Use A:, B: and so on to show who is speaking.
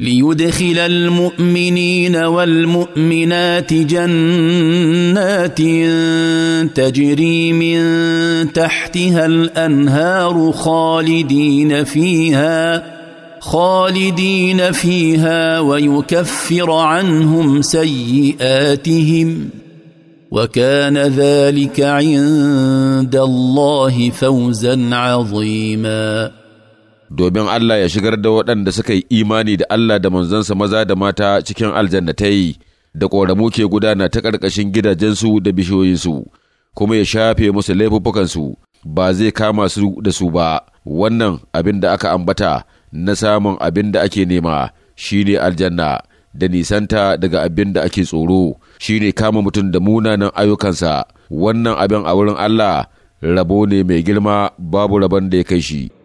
A: ليدخل المؤمنين والمؤمنات جنات تجري من تحتها الانهار خالدين فيها خالدين فيها ويكفر عنهم سيئاتهم وكان ذلك عند الله فوزا
B: عظيما domin Allah ya shigar da waɗanda suka yi imani da Allah da manzansa maza da mata cikin aljannatai da ƙoramu ke gudana ta ƙarƙashin gidajensu da bishiyoyinsu kuma ya shafe musu laifuffukansu ba zai kama su da su ba wannan abin da aka ambata na samun abin da ake nema shine aljanna da nisanta daga abin da ake tsoro shine kama mutum da munanan ayyukansa wannan abin a wurin Allah rabo ne mai girma babu
C: rabon da ya kai shi